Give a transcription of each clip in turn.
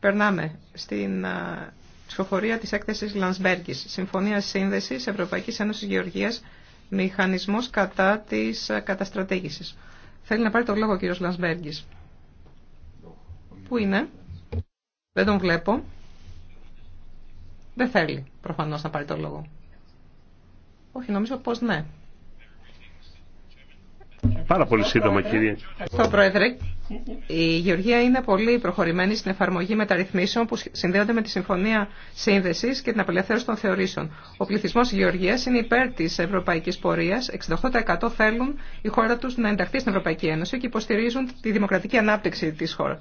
Περνάμε στην ψηφοφορία της έκθεσης Λανσμπέργκης. Συμφωνία Σύνδεσης Ευρωπαϊκής Ένωσης Γεωργίας, μηχανισμός κατά της καταστρατήγησης. Θέλει να πάρει το λόγο ο κύριος Λανσμπέργκης. Πού είναι? Δεν τον βλέπω. Δεν θέλει προφανώς να πάρει το λόγο. Όχι, νομίζω πως ναι. Πάρα πολύ σύντομα, κύριε. Στο Πρόεδρε, η Γεωργία είναι πολύ προχωρημένη στην εφαρμογή μεταρρυθμίσεων που συνδέονται με τη Συμφωνία Σύνδεση και την απελευθέρωση των θεωρήσεων. Ο πληθυσμό τη Γεωργία είναι υπέρ τη ευρωπαϊκή πορεία. 68% θέλουν η χώρα του να ενταχθεί στην Ευρωπαϊκή Ένωση και υποστηρίζουν τη δημοκρατική ανάπτυξη τη χώρα.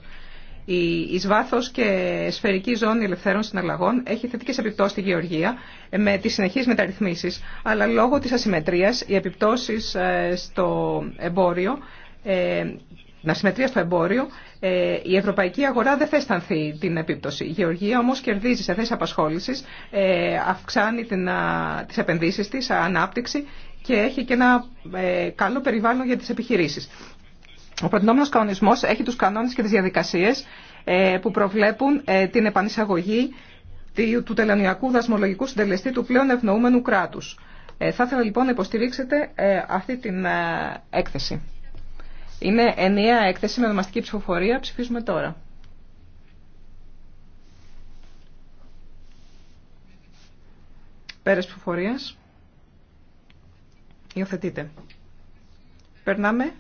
Η εισβάθο και σφαιρική ζώνη ελευθέρων συναλλαγών έχει θετικέ επιπτώσει στη γεωργία με τι συνεχείς μεταρρυθμίσει. αλλά λόγω τη ασυμμετρίας οι επιπτώσει ε, στο εμπόριο ε, να συμμετρία στο εμπόριο, ε, η ευρωπαϊκή αγορά δεν θα αισθανθεί την επίπτωση. Η Γεωργία όμω κερδίζει σε θέσεις απασχόλησης, ε, αυξάνει τι τις τη, ανάπτυξη και έχει και ένα ε, καλό περιβάλλον για τι επιχειρήσει. Ο προτινόμενος κανονισμός έχει τους κανόνες και τις διαδικασίες που προβλέπουν την επανεισαγωγή του τελωνιακού δασμολογικού συντελεστή του πλέον ευνοούμενου κράτους. Θα ήθελα λοιπόν να υποστηρίξετε αυτή την έκθεση. Είναι ενιαία έκθεση με ονομαστική ψηφοφορία. Ψηφίζουμε τώρα. Πέρας ψηφοφορίας. Υιοθετείτε. Περνάμε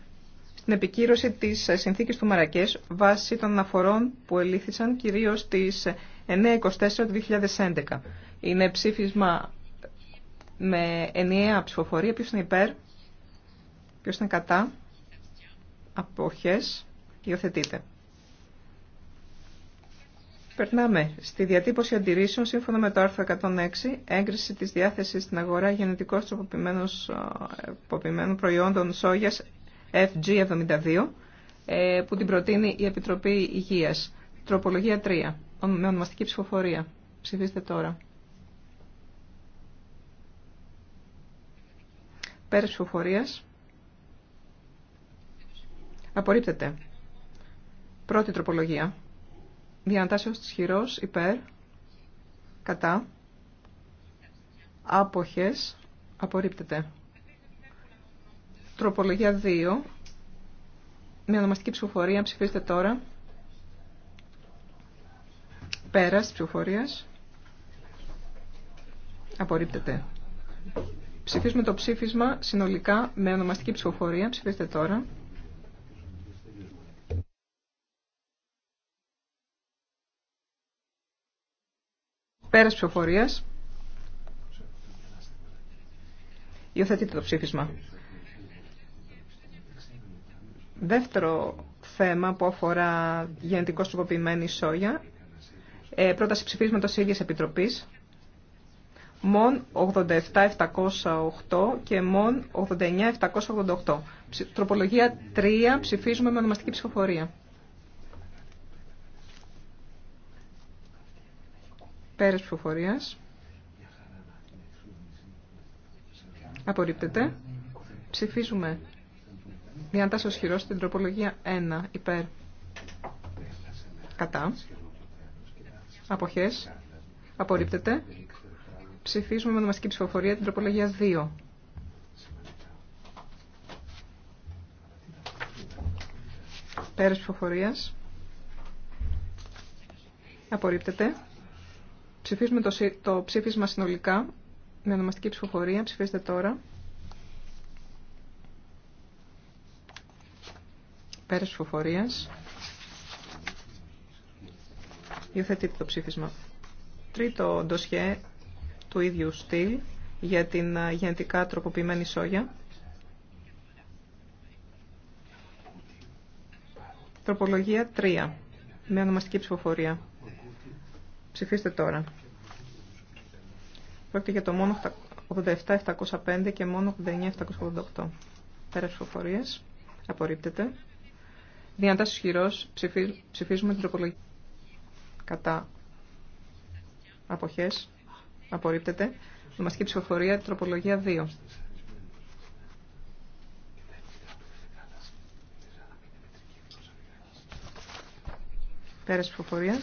στην επικύρωση της συνθήκης του Μαρακές βάσει των αναφορών που ελήφθησαν κυρίως τις 9.24 του 2011. Είναι ψήφισμα με ενιαία ψηφοφορία. Ποιος είναι υπέρ, ποιος είναι κατά αποχές υιοθετείται. Περνάμε στη διατύπωση αντιρρήσεων σύμφωνα με το άρθρο 106, έγκριση της διάθεσης στην αγορά γενετικώς τροποποιημένων προϊόντων σόγιας FG72, ε, που την προτείνει η Επιτροπή Υγείας. Τροπολογία 3, με ονομαστική ψηφοφορία. Ψηφίστε τώρα. Πέρα ψηφοφορίας. Απορρίπτεται. Πρώτη τροπολογία. Διανατάσσεω τη χειρό υπέρ. Κατά. Άποχες. Απορρίπτεται. Τροπολογία 2. Με ονομαστική ψηφοφορία. Ψηφίστε τώρα. Πέρας ψυχοφορίας ψηφοφορίας. Απορρίπτεται. Ψηφίζουμε το ψήφισμα συνολικά με ονομαστική ψηφοφορία. Ψηφίστε τώρα. Πέρας ψηφοφορίας. Υιοθετείτε το ψήφισμα. Δεύτερο θέμα που αφορά γενετικώ τροποποιημένη σόγια. Ε, πρόταση ψηφίσματος ίδιας επιτροπής. ΜΟΝ 87 και ΜΟΝ 89788. Τροπολογία 3 ψηφίζουμε με ονομαστική ψηφοφορία. Πέρας ψηφοφορίας. Απορρίπτεται. Ψηφίζουμε. Διαντάσσος χειρός στην τροπολογία 1 υπέρ. Κατά. Αποχές. Απορρίπτεται. Ψηφίζουμε με ονομαστική ψηφοφορία την τροπολογία 2. Πέρας ψηφοφορίας. Απορρίπτεται. Ψηφίζουμε το, το ψήφισμα συνολικά με ονομαστική ψηφοφορία. Ψηφίστε τώρα. Πέρας ψηφοφορίας. Υιοθετείτε το ψήφισμα. Τρίτο ντοσιέ του ίδιου στυλ για την ε, γενετικά τροποποιημένη σόγια. Τροπολογία 3. Με ονομαστική ψηφοφορία. Ψηφίστε τώρα. Πρόκειται για το μόνο και μόνο 89-788. Πέρα ψηφοφορίε. Απορρίπτεται. Δυνατά ισχυρό. Ψηφίζουμε την τροπολογία. Κατά. Αποχέ. Απορρίπτεται. Ονομαστική ψηφοφορία. Τροπολογία 2. Πέρα ψηφοφορία.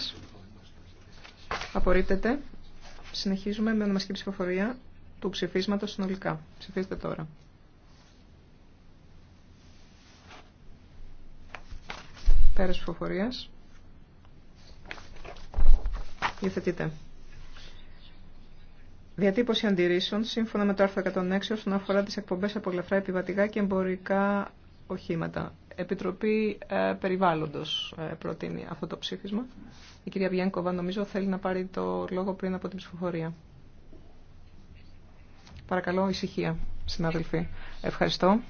Απορρίπτεται. Συνεχίζουμε με ονομαστική ψηφοφορία του ψηφίσματος συνολικά. Ψηφίστε τώρα. Πέρας ψηφοφορίας. Υιοθετείτε. Διατύπωση αντιρρήσεων σύμφωνα με το άρθρο 106 όσον αφορά τις εκπομπές από λεφρά επιβατικά και εμπορικά οχήματα. Επιτροπή ε, Περιβάλλοντος ε, προτείνει αυτό το ψήφισμα. Η κυρία Βιένκοβα νομίζω θέλει να πάρει το λόγο πριν από την ψηφοφορία. Παρακαλώ ησυχία, συναδελφοί. Ευχαριστώ,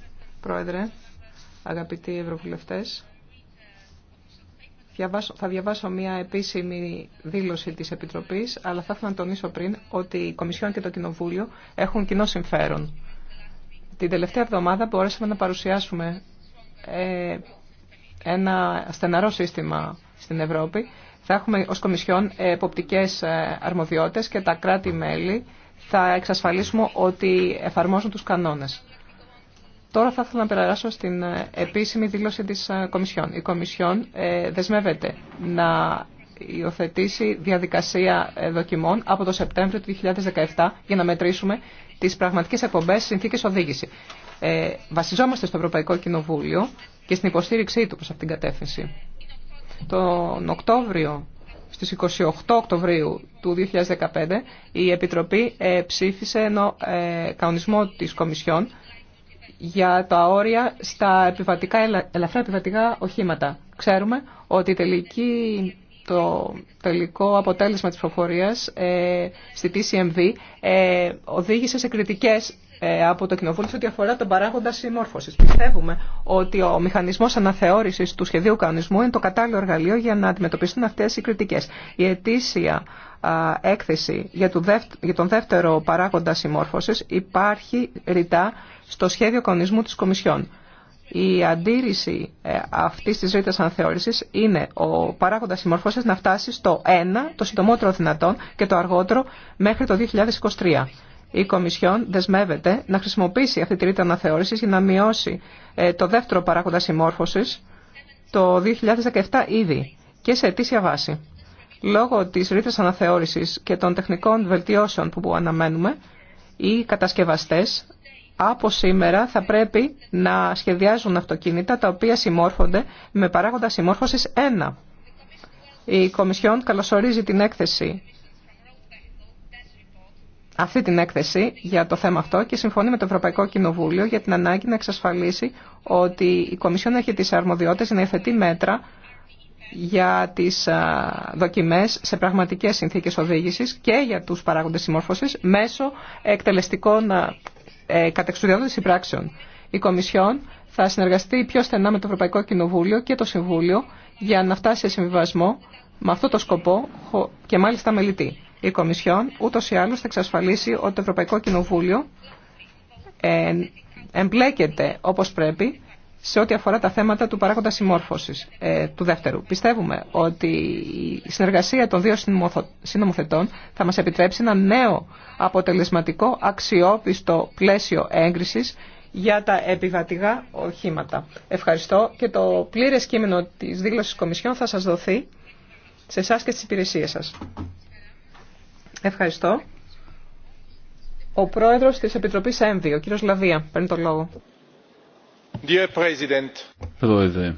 Πρόεδρε, αγαπητοί Ευρωβουλευτές. Θα διαβάσω μια επίσημη δήλωση της Επιτροπής, αλλά θα ήθελα να τονίσω πριν ότι η Κομισιόν και το Κοινοβούλιο έχουν κοινό συμφέρον. Την τελευταία εβδομάδα μπορέσαμε να παρουσιάσουμε ε, ένα στεναρό σύστημα στην Ευρώπη. Θα έχουμε ως Κομισιόν ε, εποπτικές ε, αρμοδιότητες και τα κράτη-μέλη θα εξασφαλίσουμε ότι εφαρμόζουν τους κανόνες. Τώρα θα ήθελα να περάσω στην επίσημη δήλωση της Κομισιόν. Η Κομισιόν δεσμεύεται να υιοθετήσει διαδικασία δοκιμών από το Σεπτέμβριο του 2017 για να μετρήσουμε τις πραγματικές εκπομπές συνθήκες οδήγηση ε, βασιζόμαστε στο Ευρωπαϊκό Κοινοβούλιο και στην υποστήριξή του προς αυτήν την κατεύθυνση. Τον Οκτώβριο, στις 28 Οκτωβρίου του 2015, η Επιτροπή ε, ψήφισε ένα ε, κανονισμό της Κομισιόν για τα όρια στα επιβατικά, ελαφρά επιβατικά οχήματα. Ξέρουμε ότι το τελικό αποτέλεσμα της προφορίας ε, στη TCMV ε, οδήγησε σε κριτικές ε, από το Κοινοβούλιο σε ό,τι αφορά τον παράγοντα συμμόρφωση. Πιστεύουμε ότι ο μηχανισμό αναθεώρηση του σχεδίου κανονισμού είναι το κατάλληλο εργαλείο για να αντιμετωπιστούν αυτέ οι κριτικέ. Η ετήσια έκθεση για τον δεύτερο παράγοντα συμμόρφωση υπάρχει ρητά στο σχέδιο κανονισμού τη Κομισιόν. Η αντίρρηση ε, αυτή τη ρήτρα αναθεώρηση είναι ο παράγοντα συμμόρφωση να φτάσει στο 1 το συντομότερο δυνατόν και το αργότερο μέχρι το 2023 η Κομισιόν δεσμεύεται να χρησιμοποιήσει αυτή τη ρήτρα αναθεώρησης για να μειώσει ε, το δεύτερο παράγοντα συμμόρφωσης το 2017 ήδη και σε αιτήσια βάση. Λόγω της ρήτρας αναθεώρησης και των τεχνικών βελτιώσεων που αναμένουμε, οι κατασκευαστές από σήμερα θα πρέπει να σχεδιάζουν αυτοκίνητα τα οποία συμμόρφονται με παράγοντα συμμόρφωσης 1. Η Κομισιόν καλωσορίζει την έκθεση αυτή την έκθεση για το θέμα αυτό και συμφωνεί με το Ευρωπαϊκό Κοινοβούλιο για την ανάγκη να εξασφαλίσει ότι η Κομισιόν έχει τις αρμοδιότητες να υφετεί μέτρα για τις δοκιμές σε πραγματικές συνθήκες οδήγησης και για τους παράγοντες συμμόρφωσης μέσω εκτελεστικών ε, συμπράξεων. Η Κομισιόν θα συνεργαστεί πιο στενά με το Ευρωπαϊκό Κοινοβούλιο και το Συμβούλιο για να φτάσει σε συμβιβασμό με αυτό το σκοπό και μάλιστα μελητή η Κομισιόν ούτως ή άλλως θα εξασφαλίσει ότι το Ευρωπαϊκό Κοινοβούλιο ε, εμπλέκεται όπως πρέπει σε ό,τι αφορά τα θέματα του παράγοντα συμμόρφωσης ε, του δεύτερου. Πιστεύουμε ότι η συνεργασία των δύο συνομοθετών θα μας επιτρέψει ένα νέο αποτελεσματικό αξιόπιστο πλαίσιο έγκρισης για τα επιβατηγά οχήματα. Ευχαριστώ και το πλήρες κείμενο της δήλωσης Κομισιόν θα σας δοθεί σε εσά και στις υπηρεσίες σας. Ευχαριστώ. Ο πρόεδρος της Επιτροπής ΕΜΔΙΟ, ο κύριος Λαβία, παίρνει το λόγο. Πρόεδρε,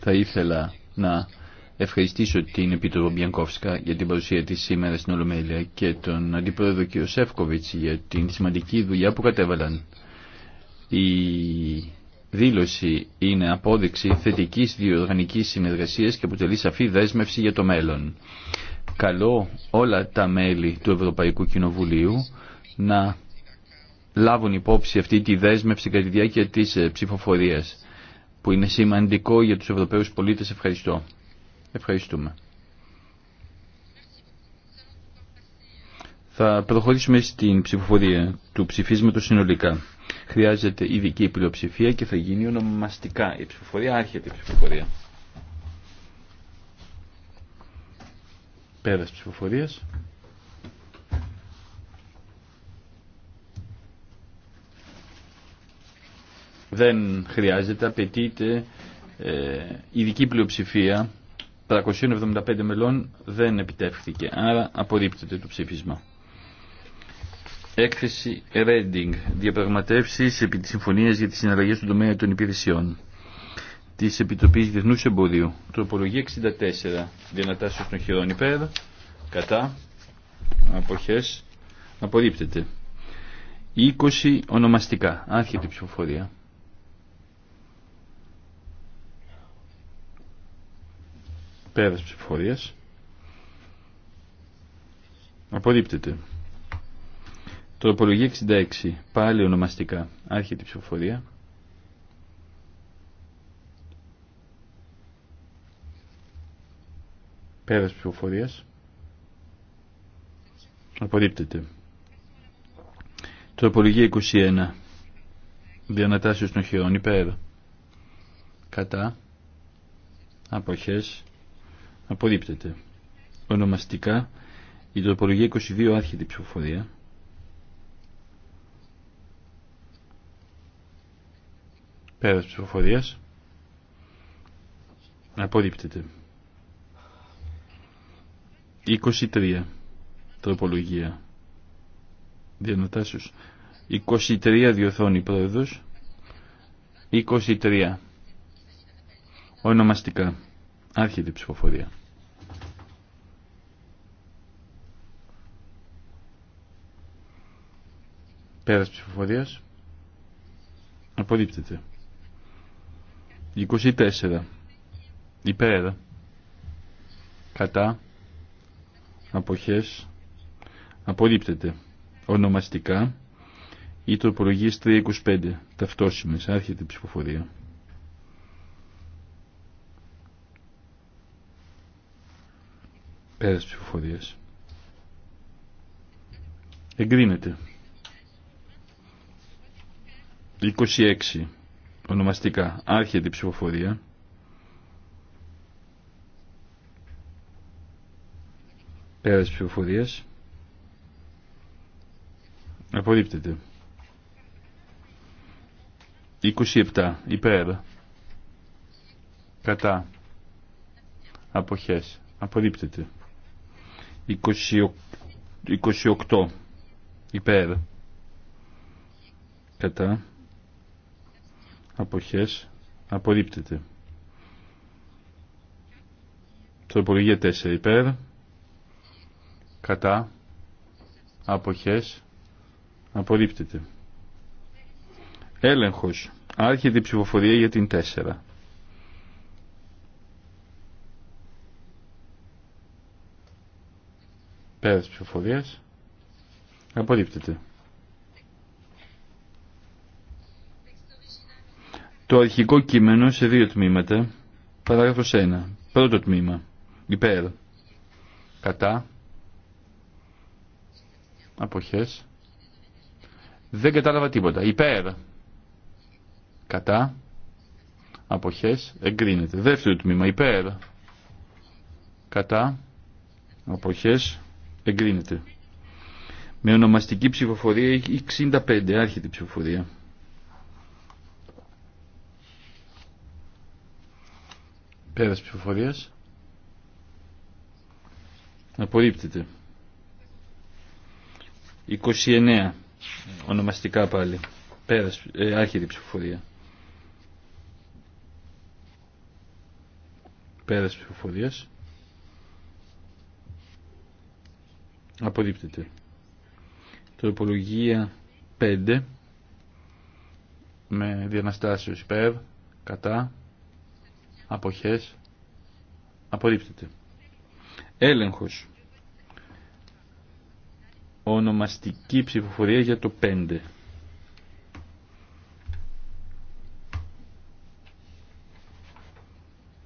θα ήθελα να ευχαριστήσω την Επίτροπο Μπιανκόφσκα για την παρουσία της σήμερα στην Ολομέλεια και τον Αντιπρόεδρο κ. Σεύκοβιτς για την σημαντική δουλειά που κατέβαλαν. Η δήλωση είναι απόδειξη θετικής διοργανικής συνεργασίας και αποτελεί σαφή δέσμευση για το μέλλον καλώ όλα τα μέλη του Ευρωπαϊκού Κοινοβουλίου να λάβουν υπόψη αυτή τη δέσμευση κατά τη διάρκεια της ε, ψηφοφορίας που είναι σημαντικό για τους Ευρωπαίους πολίτες. Ευχαριστώ. Ευχαριστούμε. Θα προχωρήσουμε στην ψηφοφορία του ψηφίσματος συνολικά. Χρειάζεται ειδική πλειοψηφία και θα γίνει ονομαστικά η ψηφοφορία, άρχεται η ψηφοφορία. της ψηφοφορίας. Δεν χρειάζεται, απαιτείται ε, ειδική πλειοψηφία 375 μελών δεν επιτεύχθηκε. Άρα απορρίπτεται το ψήφισμα. Έκθεση Reading. Διαπραγματεύσεις επί της Συμφωνίας για τις συναλλαγές του τομέα των υπηρεσιών. Τη Επιτροπή διεθνού εμποδίου. Τροπολογία 64. δυνατά των χειρών υπέρ. Κατά. Αποχές. Απορρίπτεται. 20 ονομαστικά. Άρχεται η ψηφοφορία. Πέρας ψηφοφορία. Απορρίπτεται. Τροπολογία 66. Πάλι ονομαστικά. Άρχεται η ψηφοφορία. Πέρας ψηφοφορίας. Απορρίπτεται. Τροπολογία 21. διανατάσεις των χειρών υπέρ. Κατά. Αποχές. Απορρίπτεται. Ονομαστικά. Η τροπολογία 22 άρχεται ψηφοφορία. Πέρας ψηφοφορίας. Απορρίπτεται. 23 τροπολογία διανατάσεως 23 διοθώνει πρόεδρος 23 ονομαστικά άρχεται η ψηφοφορία πέρας ψηφοφορίας απορρίπτεται 24 υπέρ κατά αποχές απορρίπτεται ονομαστικά ή τροπολογίες 325 ταυτόσιμες άρχεται η ψηφοφορία πέρας ψηφοφορίας εγκρίνεται 26 ονομαστικά άρχεται η ψηφοφορία Πέρα τη Απορρίπτεται. 27. Υπέρ. Κατά. Αποχές. Απορρίπτεται. 28. 28. Υπέρ. Κατά. Αποχές. Απορρίπτεται. Τροπολογία 4. Υπέρ κατά αποχές απορρίπτεται. Έλεγχος. Άρχεται η ψηφοφορία για την 4. Πέρας ψηφοφορίας απορρίπτεται. Το αρχικό κείμενο σε δύο τμήματα. Παράγραφος 1. Πρώτο τμήμα. Υπέρ. Κατά αποχές δεν κατάλαβα τίποτα υπέρ κατά αποχές εγκρίνεται δεύτερο τμήμα υπέρ κατά αποχές εγκρίνεται με ονομαστική ψηφοφορία 65 άρχεται ψηφοφορία πέρας ψηφοφορίας απορρίπτεται 29 ονομαστικά πάλι. Πέρας, ε, άρχιδη ψηφοφορία. Πέρας ψηφοφορίας. Απορρίπτεται. Τροπολογία 5 με διαναστάσεις υπέρ, κατά, αποχές, απορρίπτεται. Έλεγχος ονομαστική ψηφοφορία για το 5.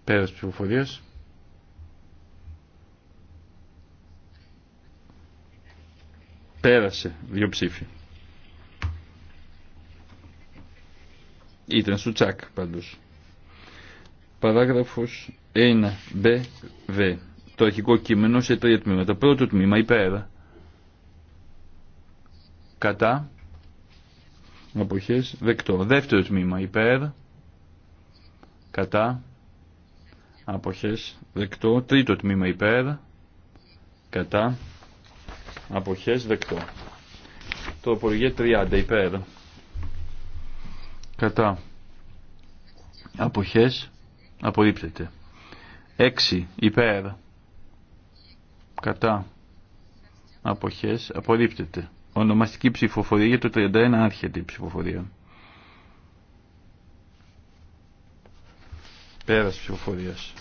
Πέρας ψηφοφορίας. Πέρασε δύο ψήφοι. Ήταν στο τσακ πάντως. Παράγραφος 1 B, V. Το αρχικό κείμενο σε τρία τμήματα. Πρώτο τμήμα υπέρα κατά αποχές δεκτό. Δεύτερο τμήμα υπέρ κατά αποχές δεκτό. Τρίτο τμήμα υπέρ κατά αποχές δεκτό. Το απολογέ 30 υπέρ κατά αποχές απορρίπτεται. 6 υπέρ κατά αποχές απορρίπτεται. Ονομαστική ψηφοφορία για το 31 άρχεται η ψηφοφορία. Πέρας ψηφοφορίας.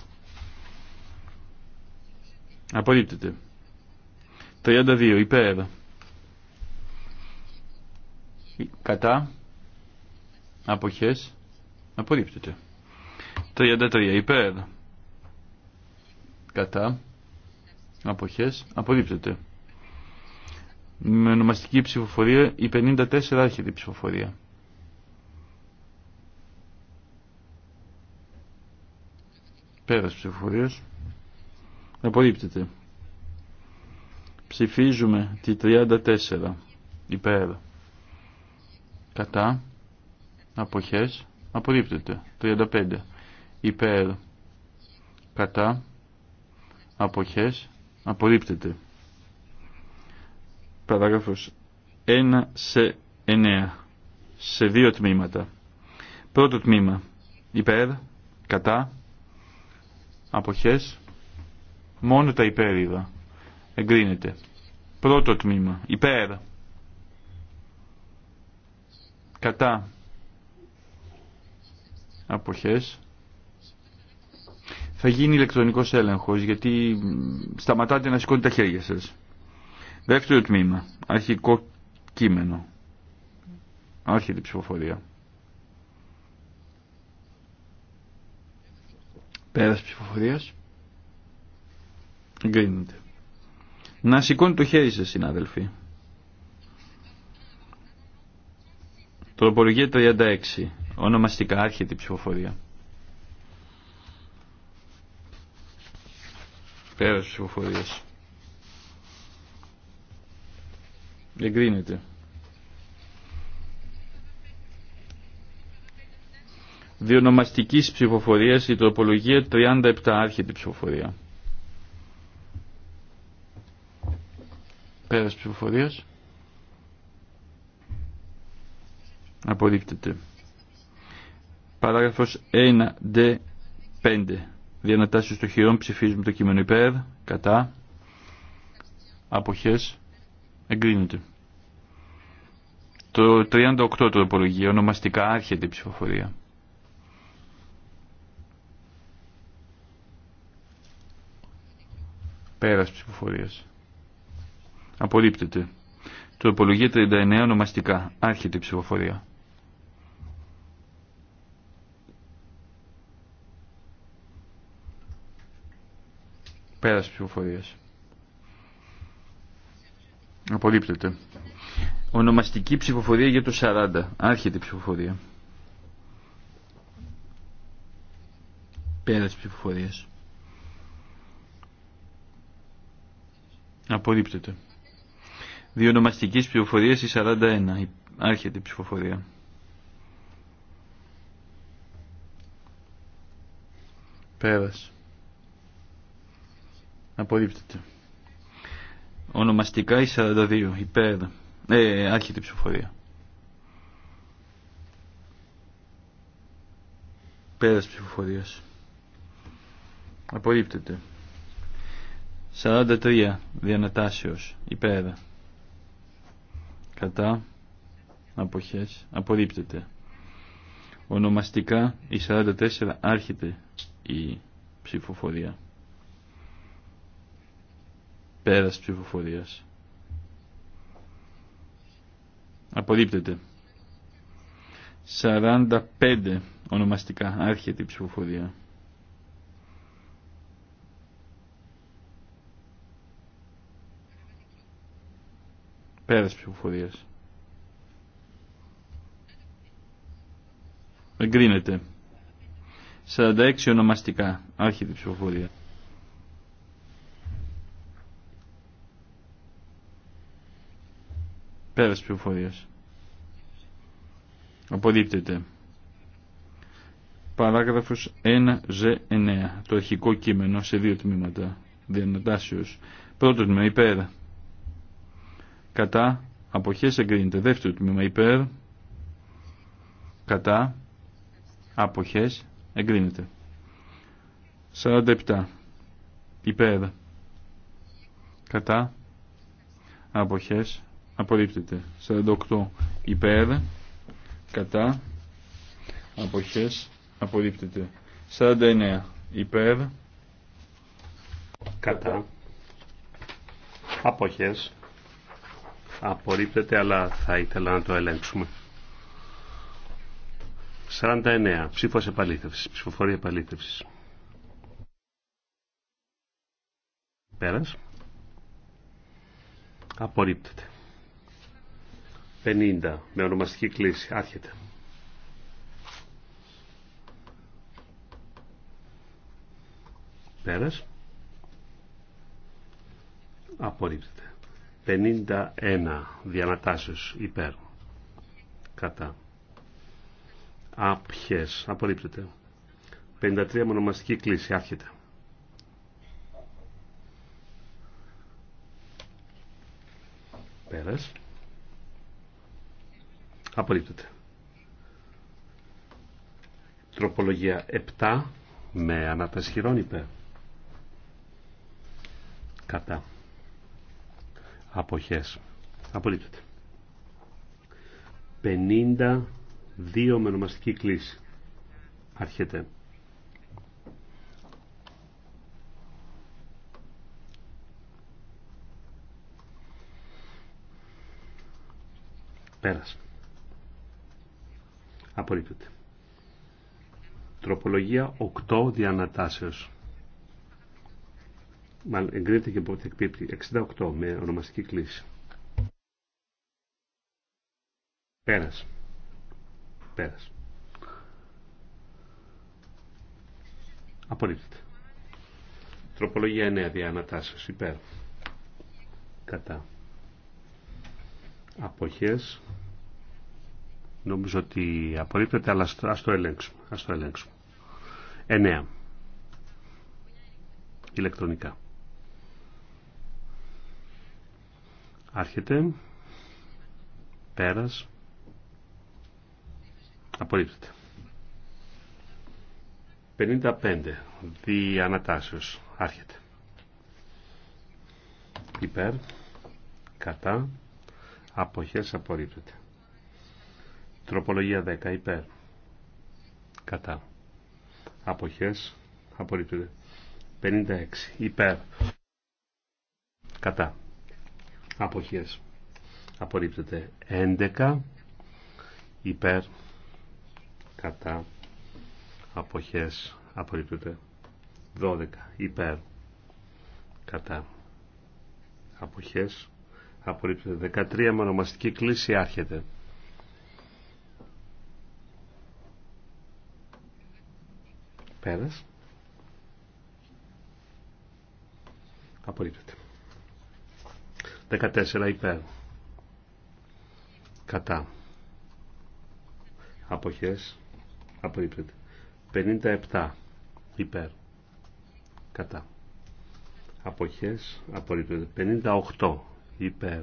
Απορρίπτεται. 32 υπέρ. Κατά. Αποχές. Απορρίπτεται. 33 υπέρ. Κατά. Αποχές. Απορρίπτεται με ονομαστική ψηφοφορία η 54 άρχεται η ψηφοφορία. Πέρας ψηφοφορίας. Απορρίπτεται. Ψηφίζουμε τη 34 υπέρ. Κατά. Αποχές. Απορρίπτεται. 35 υπέρ. Κατά. Αποχές. Απορρίπτεται παράγραφος 1 σε 9 σε δύο τμήματα. Πρώτο τμήμα υπέρ, κατά, αποχές, μόνο τα υπέρ είδα. Εγκρίνεται. Πρώτο τμήμα υπέρ, κατά, αποχές, θα γίνει ηλεκτρονικός έλεγχος γιατί σταματάτε να σηκώνετε τα χέρια σας. Δεύτερο τμήμα. Αρχικό κείμενο. Άρχεται ψηφοφορία. Πέρας ψηφοφορίας. Εγκρίνεται. Να σηκώνει το χέρι σας συνάδελφοι. Τροπολογία 36. Ονομαστικά άρχεται η ψηφοφορία. Πέρας ψηφοφορίας. Εγκρίνεται. Διονομαστικής ψηφοφορίας η τροπολογία 37 άρχεται ψηφοφορία. Πέρας ψηφοφορίας. Απορρίπτεται. Παράγραφος 1D5. Διανατάσεις των χειρών ψηφίζουμε το κείμενο υπέρ, κατά, αποχές, εγκρίνεται. Το 38 απολογεί, ονομαστικά άρχεται η ψηφοφορία. Πέρας ψηφοφορίας. Απορρίπτεται. απολογεί 39 ονομαστικά. Άρχεται η ψηφοφορία. Πέρας ψηφοφορίας. Απορρίπτεται. Ονομαστική ψηφοφορία για το 40. Άρχεται η ψηφοφορία. Πέρας ψηφοφορίας. Απορρίπτεται. Διονομαστικής ψηφοφορίας η 41. Άρχεται η ψηφοφορία. Πέρας. Απορρίπτεται. Ονομαστικά η 42. υπέρα. Ε, άρχεται η ψηφοφορία. Πέρας ψηφοφορίας. Απορρίπτεται. 43 διανατάσεως υπέρ. Κατά. Αποχές. Απορρίπτεται. Ονομαστικά η 44 άρχεται η ψηφοφορία. Πέρας ψηφοφορίας. Απορρίπτεται. 45 ονομαστικά. Άρχεται η ψηφοφορία. Πέρας ψηφοφορίας. Εγκρίνεται. 46 ονομαστικά. Άρχεται η ψηφοφορία. Πέρας Αποδείπτεται. Απορρίπτεται. Παράγραφος 1Ζ9. Το αρχικό κείμενο σε δύο τμήματα. Διανατάσεως. Πρώτο τμήμα υπέρ. Κατά. Αποχές εγκρίνεται. Δεύτερο τμήμα υπέρ. Κατά. Αποχές εγκρίνεται. 47. Υπέρ. Κατά. Αποχές απορρίπτεται 48 υπέρ κατά αποχές απορρίπτεται 49 υπέρ κατά αποχές απορρίπτεται αλλά θα ήθελα να το ελέγξουμε 49 ψήφος επαλήθευσης ψηφοφορία επαλήθευσης πέρας απορρίπτεται 50 με ονομαστική κλίση. Άρχεται. Πέρας. Απορρίπτεται. 51 διανατάσεως υπέρ. Κατά. Απχές. Απορρίπτεται. 53 με ονομαστική κλίση. Άρχεται. Πέρας. Απορρίπτεται. Τροπολογία 7 με ανατασχυρών Κατά. Αποχές. Απορρίπτεται. 52 με ονομαστική κλίση. Άρχεται. Πέρασε. Απορρίπτεται. Τροπολογία 8 διανατάσεως. Μάλλον εγκρίνεται και από εκπίπτει. 68 με ονομαστική κλίση. Πέρας. Πέρας. Απορρίπτεται. Τροπολογία 9 διανατάσεως. Υπέρ. Κατά. Αποχές Νομίζω ότι απορρίπτεται, αλλά ας το ελέγξουμε. Ας το ελέγξουμε. 9. Ηλεκτρονικά. Άρχεται. Πέρας. Απορρίπτεται. 55. Διανατάσεως. Άρχεται. Υπέρ. Κατά. Αποχές απορρίπτεται. Τροπολογία 10 υπέρ. Κατά. Αποχές. Απορρίπτεται. 56 υπέρ. Κατά. Αποχές. Απορρίπτεται. 11 υπέρ. Κατά. Αποχές. Απορρίπτεται. 12 υπέρ. Κατά. Αποχές. Απορρίπτεται. 13 με κλίση άρχεται. Πέρας. Απορρίπτεται. 14 υπέρ. Κατά. Αποχές. Απορρίπτεται. 57 υπέρ. Κατά. Αποχές. Απορρίπτεται. 58 υπέρ.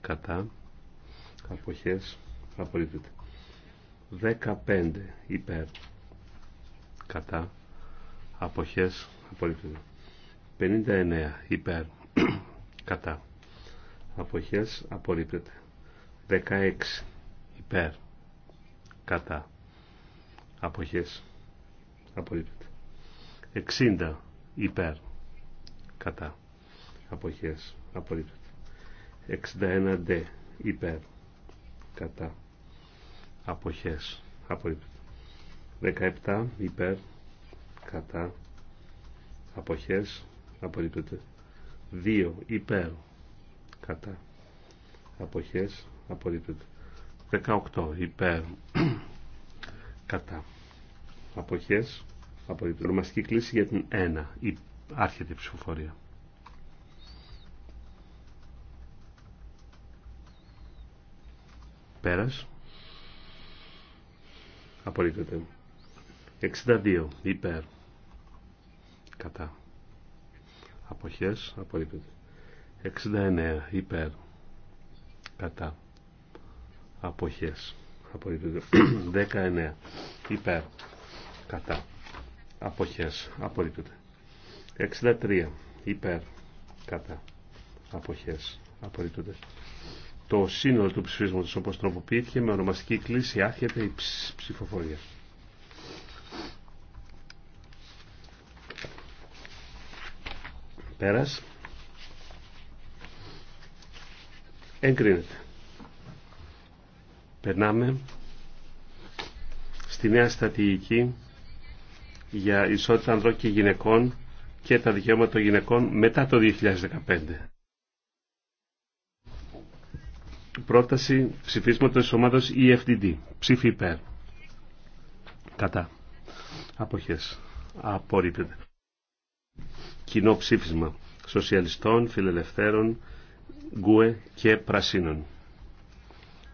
Κατά. Αποχές. Απορρίπτεται. 15 υπέρ κατά αποχές απορρίπτεται 59 υπέρ κατά αποχές απορρίπτεται 16 υπέρ κατά αποχές απορρίπτεται 60 υπέρ κατά αποχές απορρίπτεται 61 δε υπέρ κατά αποχές απορρίπτεται 17 υπέρ κατά αποχές απορρίπτεται 2 υπέρ κατά αποχές απορρίπτεται 18 υπέρ κατά αποχές απορρίπτεται ονομαστική κλίση για την 1 η άρχεται η ψηφοφορία πέρας απορρίπτεται 62 υπέρ κατά αποχές απορρίπτεται 69 υπέρ κατά αποχές απορρίπτεται 19 υπέρ κατά αποχές απορρίπτεται 63 υπέρ κατά αποχές απορρίπτεται το σύνολο του ψηφίσματος όπως τροποποιήθηκε με ονομαστική κλίση άρχεται η ψηφοφορία. Πέρας. Εγκρίνεται. Περνάμε στη νέα στατηγική για ισότητα ανδρών και γυναικών και τα δικαιώματα των γυναικών μετά το 2015. Πρόταση ψηφίσματος της ομάδας EFDD. Ψήφι υπέρ. Κατά. Αποχές. Απορρίπτεται κοινό ψήφισμα σοσιαλιστών, φιλελευθέρων, γκουε και πρασίνων.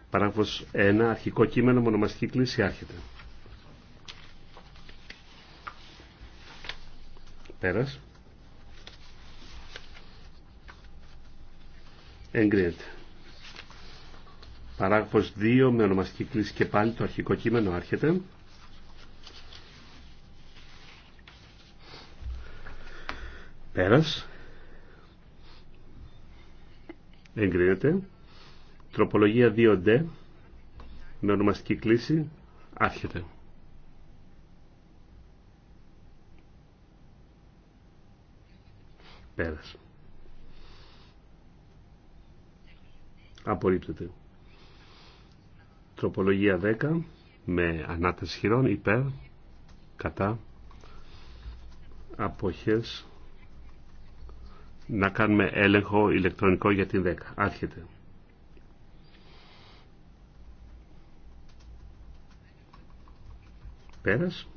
Παράγραφος 1. Αρχικό κείμενο μονομαστική κλίση άρχεται. Πέρας. Εγκρίνεται. Παράγραφος 2 με ονομαστική κλίση και πάλι το αρχικό κείμενο άρχεται. Πέρας. Εγκρίνεται. Τροπολογία 2D με ονομαστική κλίση άρχεται. Πέρας. Απορρίπτεται. Τροπολογία 10 με ανάταση χειρών υπέρ κατά αποχές να κάνουμε έλεγχο ηλεκτρονικό για την 10. Άρχεται. Πέρας.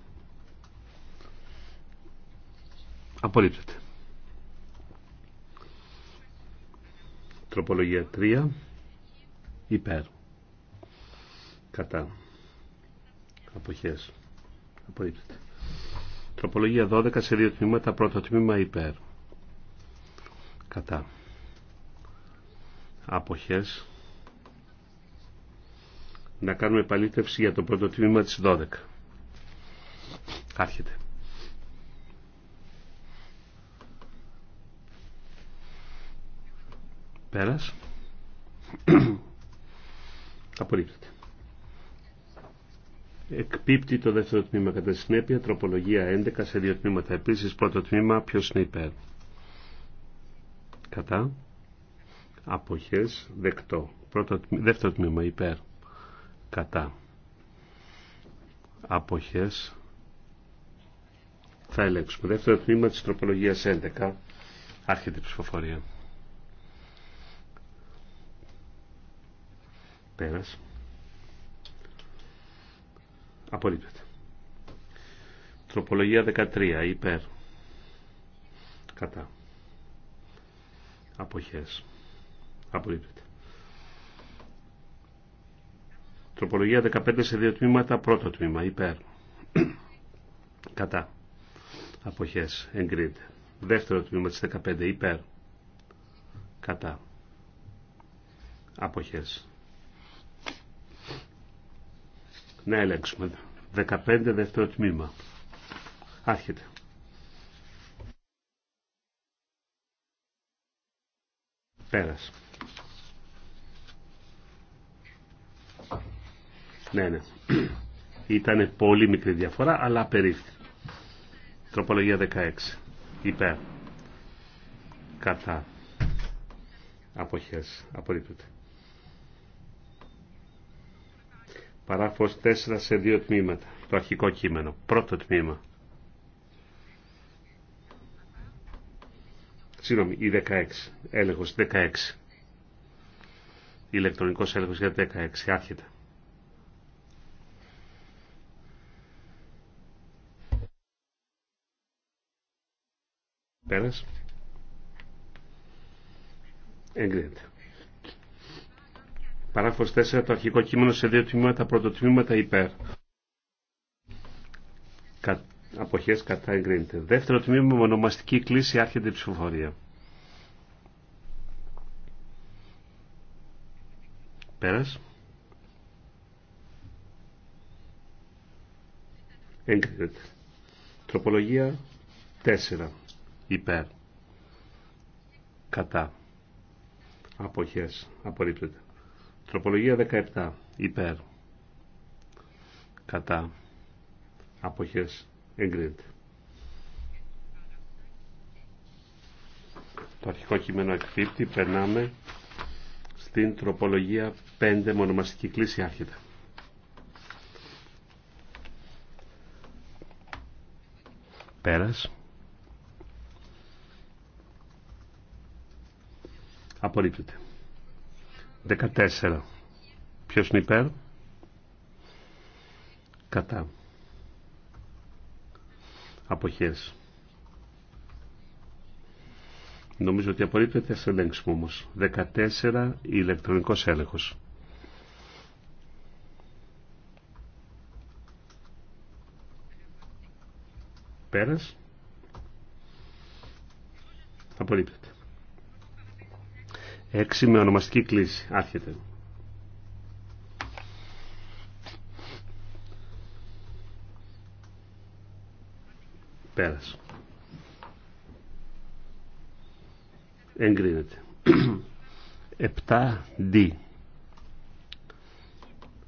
Απορρίπτεται. Τροπολογία 3. Υπέρ. Κατά. Αποχές. Απορρίπτεται. Τροπολογία 12 σε δύο τμήματα. Πρώτο τμήμα υπέρ κατά αποχές να κάνουμε επαλήθευση για το πρώτο τμήμα της 12 άρχεται πέρας απορρίπτεται εκπίπτει το δεύτερο τμήμα κατά συνέπεια τροπολογία 11 σε δύο τμήματα επίσης πρώτο τμήμα ποιος είναι υπέρ κατά αποχές δεκτό Πρώτο, δεύτερο τμήμα υπέρ κατά αποχές θα ελέγξουμε δεύτερο τμήμα της τροπολογίας 11 άρχεται η ψηφοφορία πέρας απολύτως τροπολογία 13 υπέρ κατά αποχές απορρίπτεται. Τροπολογία 15 σε δύο τμήματα, πρώτο τμήμα, υπέρ. Κατά. Αποχές, εγκρίνεται. Δεύτερο τμήμα της 15, υπέρ. Κατά. Αποχές. Να ελέγξουμε. 15 δεύτερο τμήμα. Άρχεται. Πέρας. Ναι, ναι. Ήταν πολύ μικρή διαφορά, αλλά απερίφθη. Τροπολογία 16. Υπέρ. Κατά. Αποχές. Απορρίπτεται. Παράφος 4 σε δύο τμήματα. Το αρχικό κείμενο. Πρώτο τμήμα. Συγγνώμη, η 16. Έλεγχος 16. Ηλεκτρονικός έλεγχος για 16. Άρχεται. Πέρας. Εγκρίνεται. Παράφος 4. Το αρχικό κείμενο σε δύο τμήματα. Πρώτο τμήματα υπέρ. Αποχέ κατά εγκρίνεται. Δεύτερο τμήμα με ονομαστική κλίση άρχεται η ψηφοφορία. Πέρας. Εγκρίνεται. Τροπολογία 4. Υπέρ. Κατά. Αποχές. Απορρίπτεται. Τροπολογία 17. Υπέρ. Κατά. Αποχές εγκρίνεται. Το αρχικό κείμενο εκπίπτει, περνάμε στην τροπολογία 5 μονομαστική κλίση άρχεται. Πέρας. Απορρίπτεται. 14. Ποιος είναι υπέρ. Κατά αποχές. Νομίζω ότι απορρίπτεται, σε ελέγξουμε όμως. 14 ηλεκτρονικός έλεγχος. Πέρας. Απορρίπτεται. 6 με ονομαστική κλίση. Άρχεται. Πέρας. Εγκρίνεται. 7D.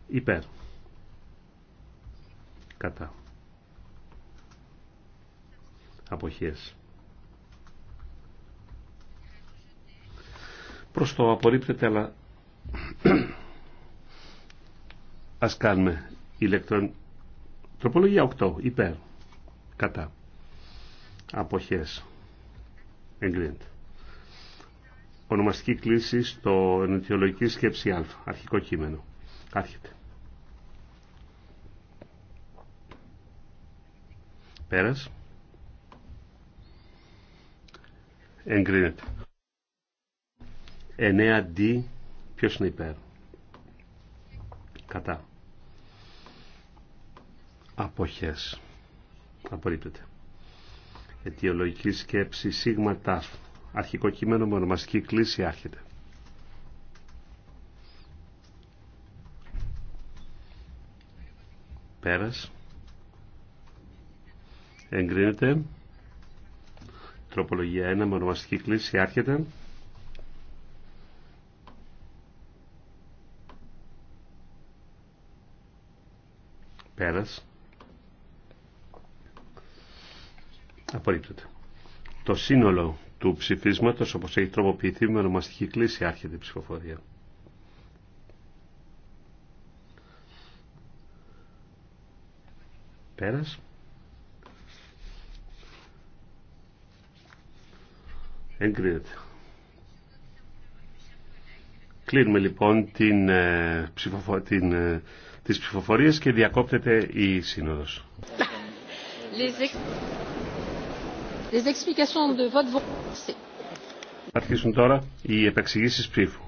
Υπέρ. Κατά. Αποχές. Προς το απορρίπτεται αλλά ας κάνουμε ηλεκτρον... Τροπολογία 8. Υπέρ. Κατά αποχές εγκρίνεται ονομαστική κλίση στο νοτιολογική σκέψη α αρχικό κείμενο άρχεται πέρας εγκρίνεται 9D ποιος είναι υπέρ κατά αποχές απορρίπτεται αιτιολογική σκέψη σίγμα τάφ. Αρχικό κείμενο με ονομαστική κλίση άρχεται. Πέρας. Εγκρίνεται. Τροπολογία 1 με ονομαστική κλίση άρχεται. Πέρας. Απορρίπτεται. Το σύνολο του ψηφίσματος όπως έχει τροποποιηθεί με ονομαστική κλίση άρχεται η ψηφοφορία. Πέρας. Εγκρίνεται. Κλείνουμε λοιπόν την, ε, ψηφοφο... την, ε, τις ψηφοφορίες και διακόπτεται η σύνοδος. Les αρχίσουν τώρα οι επεξηγήσεις ψήφου.